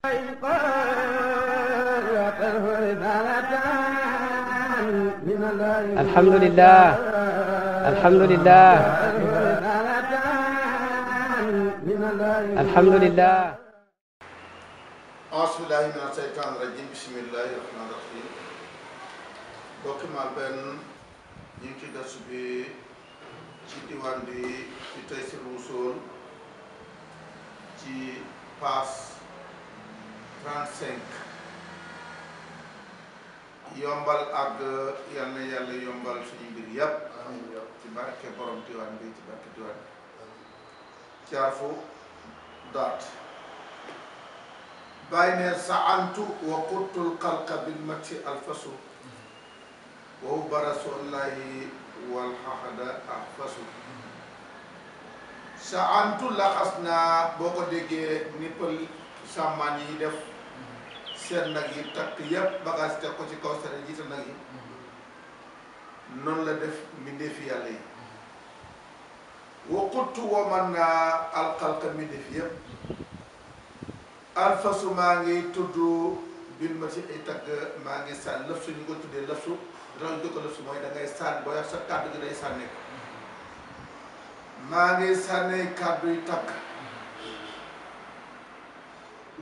alhamdulilah alhamdulilah alhamdulilah aasbillahi min aseytaan rajim bismillahi rahmaani rahim bokki Malbn ñu ngi ci darsu bi ci diwaan bi ci Taysiirul Wusuul ci paas 35 yombal ak yal yàlla yombal suñu mbir yëpp ci barke borom diwaan bi ci barke diwaan bi caafu sa antu wa quttul xalqa bil matti alfasu mm-hmm. wow barasu allahi wal xaxada ahfasu sa antu laxas naa boo ko déggee nippal sàmmaan yi def seen nag yi takk yëpp bagage teg ko ci kaw sare jiital nag yi mm-hmm. noonu la def mbindeefi yàlla yi waquttu waman naa alxalqa mbindeefi yëpp alfasu maa ngi tudd bin ma ci ay tagg maa ngi sànn lëf su ñu ko tuddee lëf su danañ ñu ko lëf su mooy da ngay boo yor sa kàddu gi day sànne ko mm-hmm. maa ngi sànne kàddu yi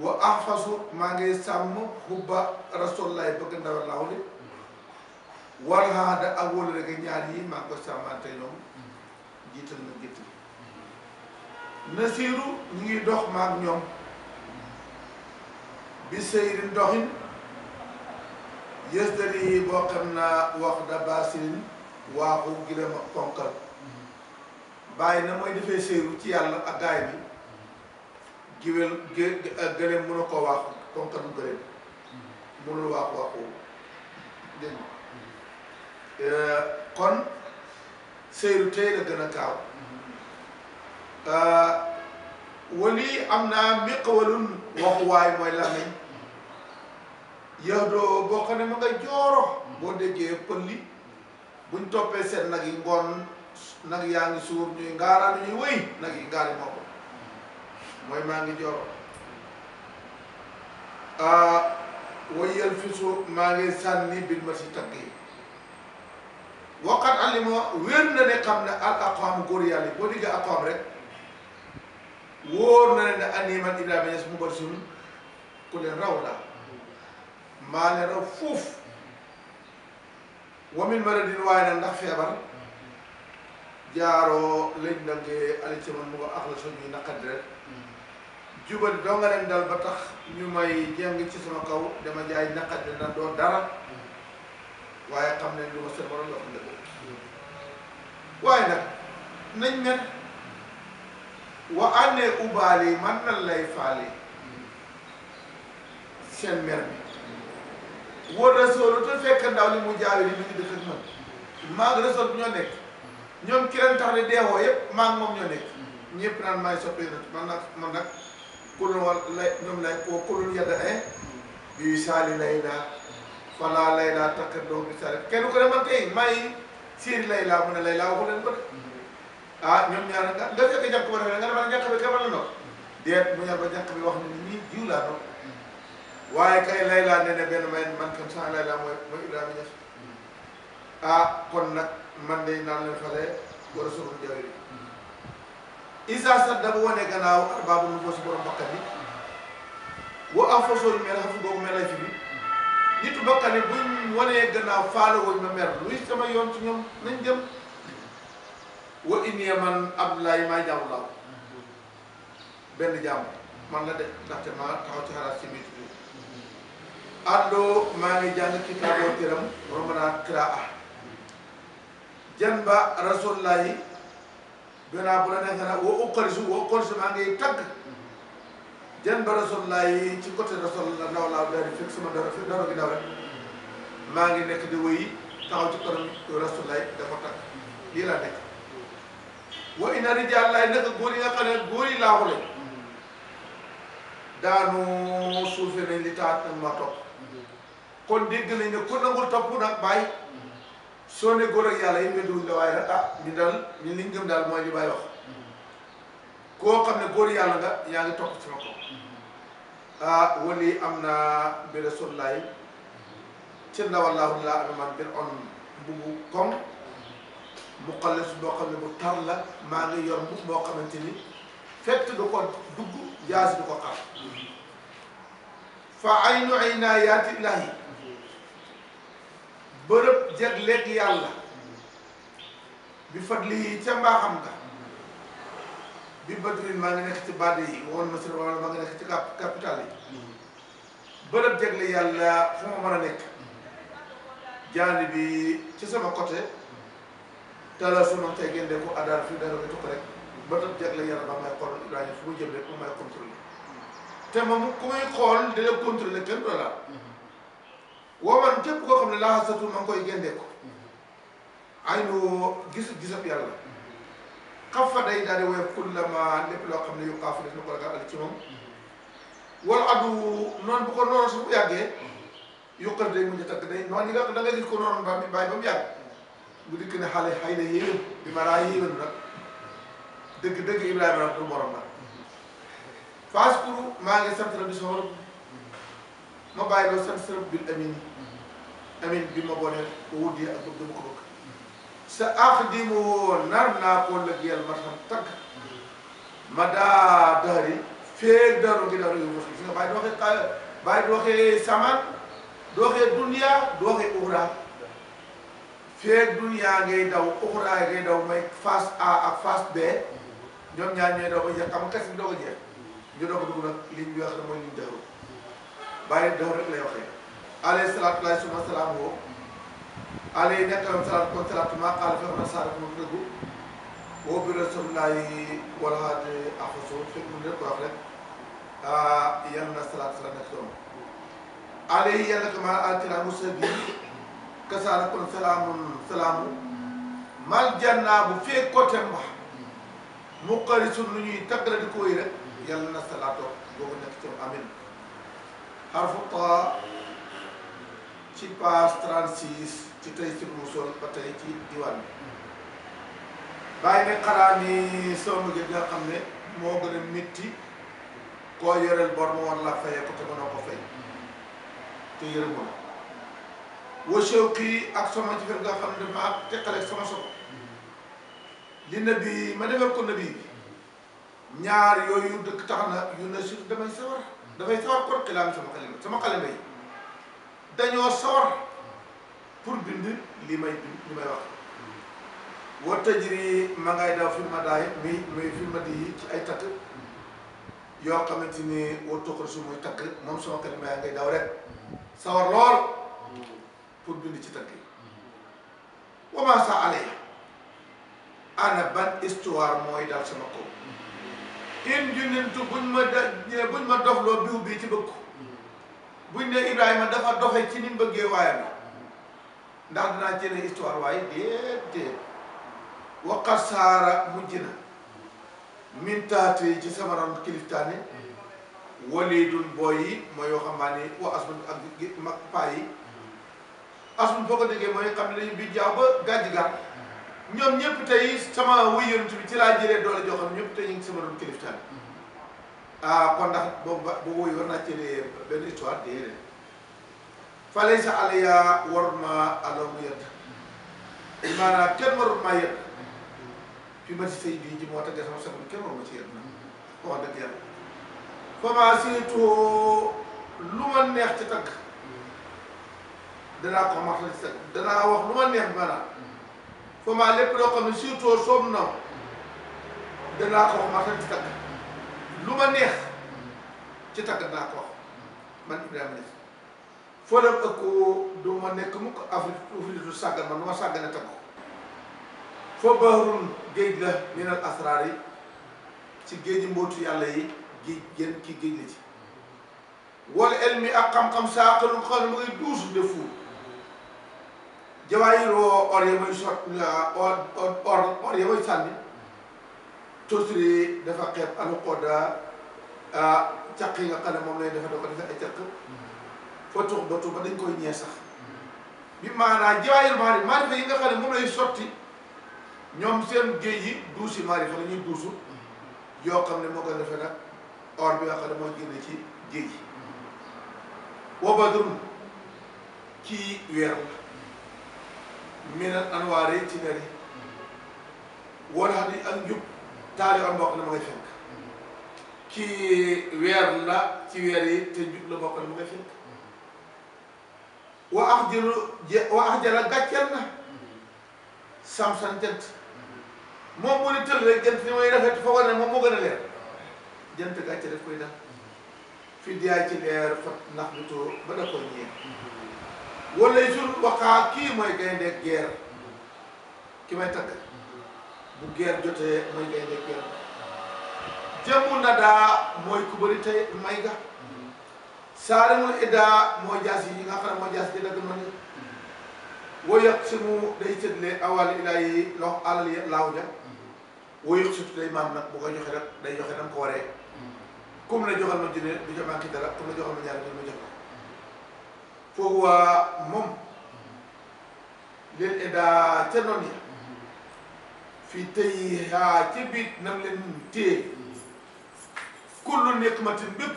wa ahfasu maa ngay sàmm xubba rasulullahi bëgg ndawal laaw li war ak wóolu ñaar yi maa ngi ko sàmmante ñoom jiital na jiital nasiiru ñu ngi dox maak ñoom bi seyrin doxin yëstari boo xam naa wax da basirin waaxu gilema konkal bàyyi na mooy defee seyru ci yàlla ak gaay bi giwél gé gëleem mën a koo waaxu konkanum gëleem mënul waaxu waaxu dégg nga euh, kon seyru tey la gën a gaaw euh, wali am naa miqawalun waxuwaay mooy làmmiñ yow doo boo xam ne ma nga jooro boo déggee pëlli buñ toppee seen nag yi ngoon nag yaa ngi suur ñuy ngaaraan ñuy wëy nag yi ngaari moom mooy maa ngi jooro way yalfisu maa ngi sànni bil ma si takk yi waqat alima wér na ne xam ne al góor yàlla boo diggee aqwaam rek wóor na ne ne animan Ibrahima Niass mu bari suñu ku leen raw la maa leen raw fuuf wamin maradin waaye nag ndax feebar jaaroo lañ nangee ali ci mu ko axla suñuy naqadi rek jubal doo nga leen dal ba tax ñu may jàng ci sama kaw dama jaay naqade na doo dara waaye xam ne lu ma seen waroon yoo xam ne waaye fekk ndaw li mu jaawe li mu ngi dëkk man maa ngi ñoo nekk ñoom ki leen tax ne deewoo yëpp maa ngi moom ñoo nekk ñëpp naan maay soppe nag man nag kulun wal lay ñoom lay koo kulun yadda eh bii saali lay laa falaa lay laa takk doom bi saali kenn ko ne man tey maa ngi siiri lay laa mu ne lay laa waxu leen ko de ah ñoom ñaar nga nga fekk jàkk ba defee nga demal jàkk bi kamal la ndox déet mu ñaar ba jàkk bi wax ne ni ñii jiw laa ndox waaye kay lay laa nee na benn may man kam saa lay laa mooy mooy Ibrahima Ñas ah kon nag man day naan leen xale war a soxla jaww ji isa sax dafa wane gannaaw arbaabu nu foo si borom bakkan yi woo am foo sooju mel xafu googu mel fi bi nitu bakkan yi buñ wanee gannaaw faalo wuñ ma mer luy sama yoon ci ñoom nañ jëm wa innee man abdoulaye maa jaamu laaw benn jàmm man la de ndaxte maa taxaw xalaat si biir tuuti àndoo maa ngi jàng ci kitaaboo tiram romana kiraa jan ba rasulullahi a bu la neexee woo uqalisu woo uqalisu maa ngi tagg jën ba rasulullah yi ci côté rasulullah ndaw laa daal di fekk sama dara fi dara gi daw maa ngi nekk di wëy taxaw ci kanam rasulullah dafa tagg lii laa nekk wa inna rijaal laay naka góor yi nga xam góor yi laa daanu suufe nañ li taat ma topp kon dégg nañ ne ku nangul topp nag bàyyi soo ne góor ak yàlla yi weddiwuñ la waaye nag ah ñu daal ñu liñ gëm mooy li may wax koo xam ne góor yàlla nga yaa ngi topp sama kaw ah wali am naa bi rasulullahi cër na wallaahu laa am man bir on mbubu kom mu xale su boo xam ne bu tar la maa ngi yor mbub moo xamante ni fett du ko dugg jaas du ko xar fa aynu ay naa yaati ilahi bërëb jagleeg yàlla bi fadli yi ca mbaaxam nga bi badrin maa ngi nekk ci bàdd yi woon masir wala maa ngi nekk ci capital yi bërëb jagle yàlla fu ma mën a nekk jaani bi ci sama côté tala sunam tey génde ko adar fii dara ko tukk rek bërëb jagle yàlla ba may xool Ibrahima fu mu jëm rek mu may contrôler te moom ku muy xool dina contrôler kenn du la woo woowoon képp koo xam ne laa xasatu ma koy génde ko mm-hmm. ay nu gis gisab yàlla mm-hmm. xaf fa day daal di woyof kullama lépp loo xam ne yu xaafu def na ko ragal al ci moom mm-hmm. wala adu noonu bu ko noonu su bu yàggee gis ko noonu ba bàyyi ba mu yàgg mu dikk ne xale xay na yéwén bi ma raa yéwén nag dëgg dëgg Ibrahima nag du morom nag faas maa ngi sant la bi ma bàyyi loo seen sërëb bil amin yi mm-hmm. amin bi ma boneel wut yi ak bëgg ma ko bëgg sa aq di mu nar naa koo lëggeel ma xam tagg mm-hmm. ma daa daari féeg daru gi daru yu mos gis nga bàyyi du waxee bàyyi du waxee saman du waxee dunya du waxee uxra feeg dunya ngay daw uxra ngay daw may face A ak face B mm-hmm. ñoom ñaar ñooy daw ba jeex xam nga kese doo ko jeex ñu doo ko dugg nag liñ bi wax ne mooy liñ bàyyi daw rek lay waxee alayhi salaatu laay suma salaam woo alay nekkalam salaat kon salaatu ma al fam na saara moom dëggu woo bi rasulullahi walaade afasu fekk mu rek ko wax rek yal na salaat salaat nekk doom alay yàlla ko maa altiraamu sa bi kasaara kon salaamun salaamu mal jannaa bu fee côté mu xari sun lu ñuy tagg la di koy rek yal na salaatoo boobu nekk ci amin xarfu taa ci page 36 ci tey ci musoon ba tey ci diwaan bi bàyyi ne xanaa ni soom gi nga xam ne moo gën a métti koo yoreel bor mu war la fayee ko te mënoo ko fay te yërëmu la wasew ak sama jëfër nga xam ne damaa teqaleeg sama soxla li nabi ma defal ko nabi ñaar yooyu dëkk tax na yu ne si damay sawar dafay sawar kon xilaam sama xalima sama xalima yi dañoo sawar pour bind li may bind li may wax wa tajri ma ngay daw filma daay mi muy filma di ci ay takk yoo xamante ni wa tuxal su muy takk moom sama xalima yaa ngay daw rek sawar lool pour bind ci takk yi wa ma sa alay ana ban histoire mooy daal sama kaw in junnentu buñ ma da eh, buñ ma dofloo biw bi ci bëgg buñ ne Ibrahima dafa dofe ci ni mu bëggee waayam ndax dinaa jëlee histoire waaye déedéet waqat saara mujj na min yi ci sama ron kiliftaane waliidun booy yi mooy yoo xam ne wa ak mag paa yi asmun foo ko déggee mooy xam ne dañu bi ba gàjj gàtt ñoom ñëpp tey sama wuy yonent bi ci laa jëlee doole joo xam ne tey ñu ngi sama doon mhm. ah kon boobu wuy war naa cëlee benn histoire déedéet falay sa alaya war ma alamu yedd maanaam kenn warul maa yedd fi ma si sëy bii ji moo tax sama sama kenn warul ma ci yedd na ko wax dëgg yàlla commencé lu ma neex ci tagg mhm. danaa ko marta wax lu ma neex maanaam comment lépp loo xam ne surtout soobu na danaa ko wax ma ci tagg lu ma neex ci tagg danaa ko wax man Ibrahima Niass foolam ëkk du ma nekk mukk Afrique Afrique du sàggal man ma sàggane tagg foo bahrun géej la min al asraar yi ci géeji mbootu yàlla yi géej géej la ci wala elmi ak xam-xam saa xelul xool mu ngi duus de fuur jawaahir oo or ya may sot or or or ya may sànni tosiri dafa xeeb alxoda caq yi nga xam ne moom lay dafa da ko defee ay caq fa tux ba tux ba dañ koy ñee sax bi maanaa jawaahir maarif maarifa yi nga xam moom lay sotti ñoom seen géej yi duusi maarifa la ñuy duusu yoo xam ne moo ko defee nag or bi nga xam ne moo génne ci géej yi wa badrum kii weer la minal anwaar yi ci nari wala xam ni ak njub taal yoo xam bokk na ma ngay fenk kii weer la ci weer yi te njub la bokk na ma ngay fenk wa ax jëlu wa ax jëla gàcceel na samsan jant moom mu ni tël rek jant ni mooy rafet foogoon ne moom moo gën a leer jant gàcce daf koy dal fi diyaay ci leer fat nax bi too ba da ko ñeen wala jur waxaa kii mooy gaynde guerre ki may tagg bu guerre jotee mooy gaynde guerre jëmu na daa mooy ku bëri tey may ga saarimul iddaa moo jaas yi nga xam ne moo jaas yi dagg ma ni woy yëq day tëddle awal ilaa yi lox àll yi laaw ja woy yëq day maam nag bu koy joxe rek day joxe nam ko waree comme la joxal ma junne du ca manqué comme la joxal ma ñaari dina ma jox فهو مم للإدا تنوني في تيها تبيت نمل تي كل نقمة بيب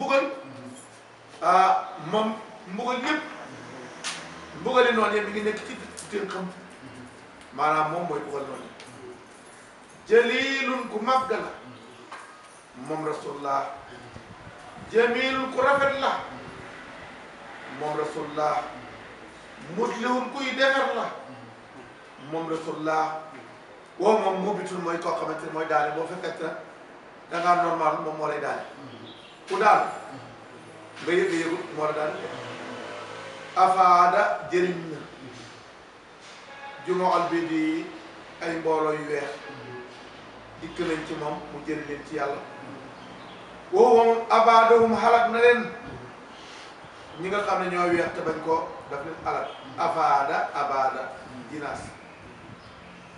بغل مم بغل يب بغل نوني من نكتب تنقم maanaam moom mooy buggal noonu jëliilun ku màgg la moom rasulullah jamiilun ku rafet la moom rasulullah muslihun kuy defar la moom rasulullah woo moom mubitul mooy koo xamante ne mooy daane boo fekkee te da ngaa normal moom moo lay daane ku daal nga yëg yëgu moo la daane afaada jëriñ na jumoo al bi di ay mbooloo yu weex dikk nañ ci moom mu jëriñ leen ci yàlla woo moom abaadahum xalak na leen ñi nga xam ne ñoo weex te bañ koo daf leen alal afaada abaada dinaas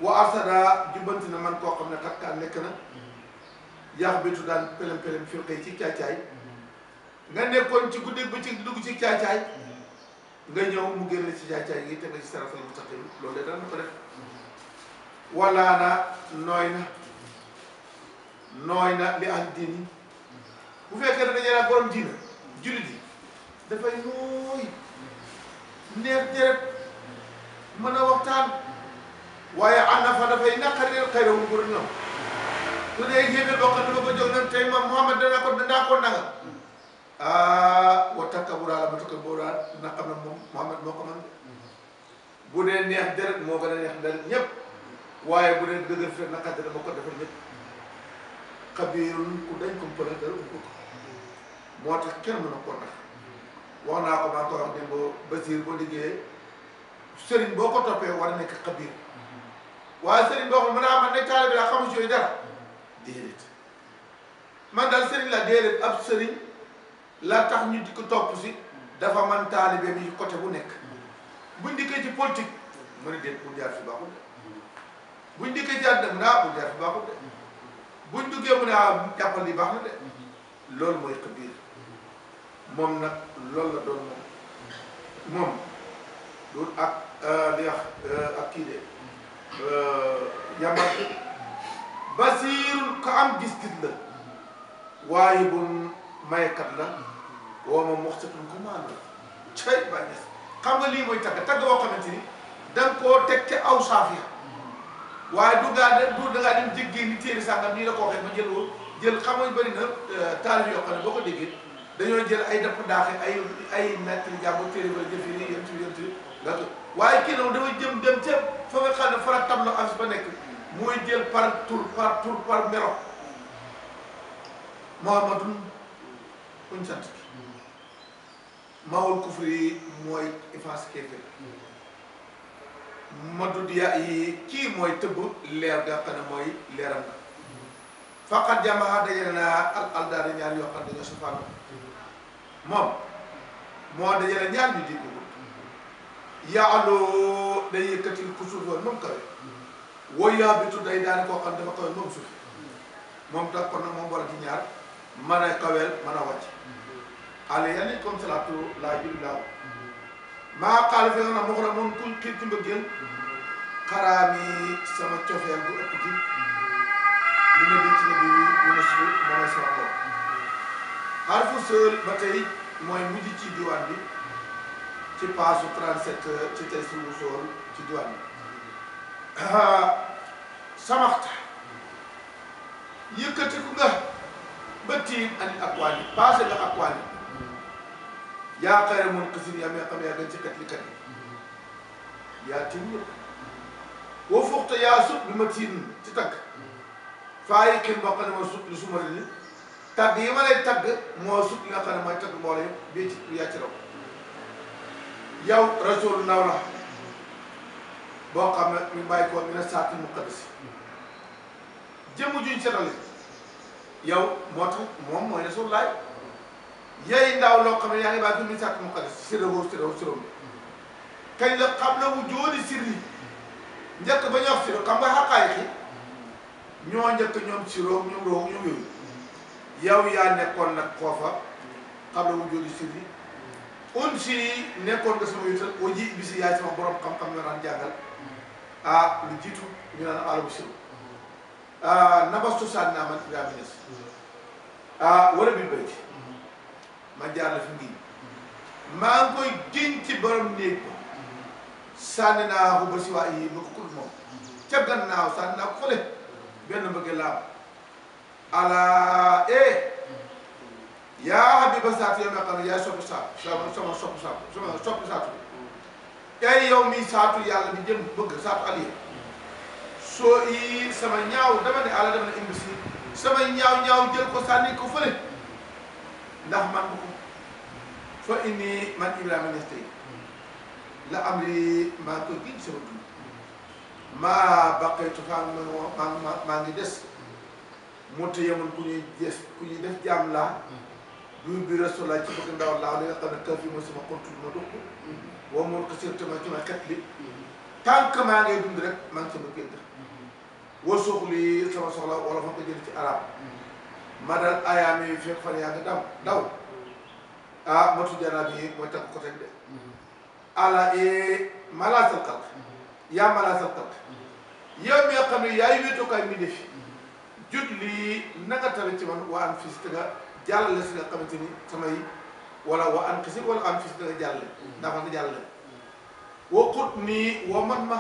wa arsada jubbanti na man koo xam ne xatkaan nekk na yax bitu daan pelem pelem firqe yi ci caacaay nga nekkoon ci guddeeg bëccëg dugg ci caacaay nga mu génn ci caacaay yi te nga ci sarafal mu taxi loolu de daan na ko def walaana nooy na nooy na li am diin bu fekkee ne dañu naan borom diina jullit yi dafay nooy neex deret mën a waxtaan waaye annafa na fa bëri na su dee yéeme boo xam ne ba ah, na bu dee neex deret moo gën a bu dee dëgër ko defal ñëpp xabiirun ku dañ ko moo tax kenn mën a ko nax wax naa ko maa ngi ko wax démb Basiir boo liggéeyee sëriñ boo ko toppee war a nekk xabiir waaye sëriñ boo ko mën a man ne taalibe laa xamu ci yooyu dara déedéet man daal sëriñ la déedéet ab sëriñ la tax ñu di ko topp si dafa man taalibe bi côté bu nekk buñ dikkee ci politique mu ne déet bu buñ dikkee ci àddina mu ne ah bu jaar fi baaxul de buñ duggee mu ah baax na de loolu mooy xabiir moom nag loolu la doon moom moom du ak euh, li euh, ak kii de euh, yambar basiir ko am gis-gis la waaye bu mayekat la woo ma muxsatun ko maanu la cay bàññees xam nga lii mooy tagg tagg woo xamante ni da nga koo teg ca aw saafiya waaye du gaa de du da ngaa dem jéggee ni téere sàngam nii la ko waxee ma jël woo jël xam nga bëri taalif yoo xam ne boo ko déggee dañoo jël ay dëpp daaxe ay ay mètre jàpp téere ba jëf yi yéen ci waaye kii nag dafay jëm dem ca fa nga xam ne fara tableau affiche ba nekk mooy jël par tour par tour par melo Muhammadun uñ sant maawul kufri yi mooy efface kéefér madudiya yi kii mooy tëbb leer nga xam ne mooy leeram nga faqat jamaha dajale naa al aldaari ñaar yoo xam ne dañoo moom moo de ñaar ñu jikko yaaloo day yëkkati ku suuf woon moom kawe woyaa bitu day daani koo xam dafa kawe moom suuf moom tax kon nag moom war a ci ñaar mën a kaweel mën a wàcc ale yanni comme salaatu laa jul laaw maa xaali fi nga na moo xam moom ci sama cofeel bu ëpp ji ma di ci ne bi mu ne suuf mooy sama bopp xarfu sël ba tey mooy mujj ci diwaan bi ci paasu 37 ci tey suñu sool ci diwaan bi ah, samaxta yëkkatiku nga ba tiim ani akwaani paase nga akwaani yaa xayra mun xisin yaa mee xam yaa gën ci kat li kat yi yaa tiim yëpp woo fuxta yaa sut bi ma tiim ci takk faa yi kenn bokk na li suma li tagg yi ma lay tagg moo sut li nga xam ne mooy tagg mbooloo yëpp bii ci yaa ci raw yow rasul ndaw la boo xam ne ñu bàyyi ko ñu ne saatul muqaddas jëmm juñ setale yow moo tax moom mooy rasul laay ndaw loo xam ne yaa ngi bàyyi ko ñu saatul muqaddas sirrahu sirrahu sirrahu kañ la xam la sirri njëkk ba ñu wax sirru nga xaqaay ki ñoo njëkk ñoom sirroog ñoom roog ñoom yooyu yaw yaa nekkoon nag foofa xam la wujjóotu sirri un si nekkoon nga sama yutal au ji bi si yaay sama borom xam-xam nga naan jàngal ah lu jiitu ñu naan alamu sirri ah nabastu saan naa man ma jaar fi ngi maa ngi koy génn néeg sànni naa ko ba si waa yi ma ko kul moom ca gannaaw sànni naa ko fële benn mbëgg laa ala eh yaa habiba saatu yow ma xam yaay soppi saatu sama sama soppi saatu sama soppi saatu bi tey yow mii saatu yàlla bi jëm bëgg saatu aliye soo i sama ñaaw dama ne ala dama ne imbisi sama ñaaw ñaaw jël ko sànni ko fële ndax man ko fa inni man Ibrahima Niass la am li maa koy gis sama maa baqeetu faa maa maa maa ngi des moonte yemoon ku ñuy def ku ñuy def jaam laa mm-hmm. duur bi restaurant ci bëgg ndaw laa li nga xam ne kër gi mooy ma dugg boo moon ko certainement ci ma xet li mm-hmm. tant maa ngay dund rek maa sama gént war soxli sama soxla wala fa ko jël ci arab mm-hmm. ma dal ayaam fan yaa ngi daw daw ah matu janaab yi mooy takk ko teg de ala e malaasal xalq yaa malaasal xalq yow xam ne yaay wéetookaay mi defi jot lii nanga tale ci man waa am fis te nga jàllale si nga xamante ni samay wala waa am xisi wala am fis te nga jàllale ndax man nga jàllale woo xut nii woo man ma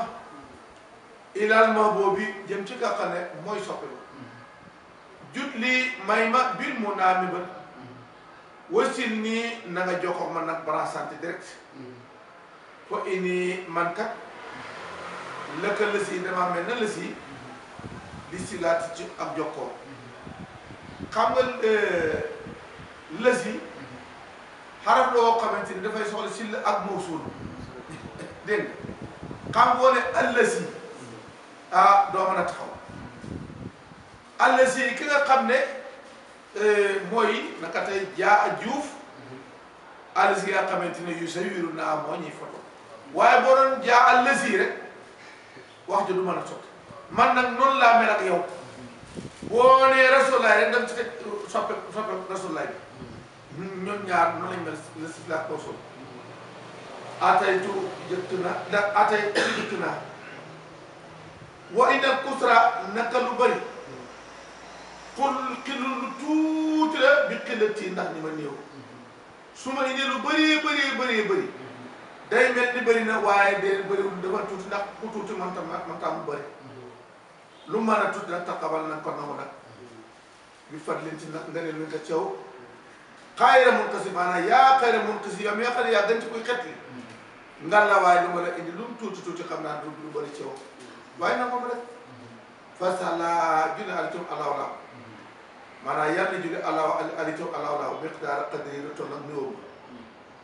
ilaal ma boobu jëm ci nga xam ne mooy soppi ma jut lii may ma biir mu naa mi ba wasil nii na nga jokkoo nag bara direct fo ini man kat lëkka lësi dama mel na lësi di si laati ci ak jokkoo xam nga euh, lës yi xaraf la xamante ni dafay soxla si la ak mawsuul dégg nga xam nga ne allës yi ah doo mën a taxaw allës yi ki nga xam ne euh, mooy naka tey jaa a juuf allës nga xamante ne yu sa wiiru naa moo ñuy foto waaye boo doon jaa allës rek wax ji du mën a sotti man nag noonu laa mel ak yow boo nee rasulaay rek dem ci teg soppe soppe rasulaay bi ñun ñaar noonu lañ mel le siflaat koo sol ataytu jëkk na da ataytu jëkk na wa inal kusra naka lu bëri xul xillu lu tuuti la bi xillati ndax ni ma néew su ma indee lu bëree bëree bari bëri day mel ni bëri na waaye day bëriwul dafa tuuti ndax ku tuuti man tam man tam lu mën a tudd nag taqabal nag ko nangu nag bi fadlin ci nag nga ne lu nga caw xayra munqasi maanaam yaa xayra munqasi yow mi nga xam ne yaa gën ci kuy xet li la waaye lu ma la indi lu mu tuuti tuuti xam naa lu bëri caw waaye nag moom rek fasala junne alitum alaw laaw maanaam yar ni junne alaw alitum alaw laaw miqdaar qadri lu toll ak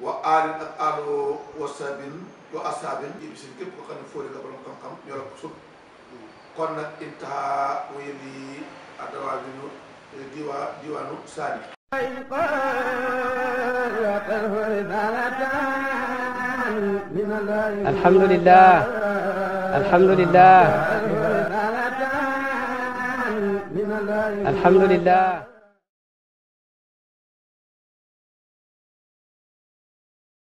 wa aalin ak aalo wa sabin wa asaabin ibsin ko xam ne fóori nga borom xam-xam ñoo la ko kon nag intaha wéyal yi adawaa bi nu diwaa diwaanu saani alhamdulillah alhamdulillah alhamdulillah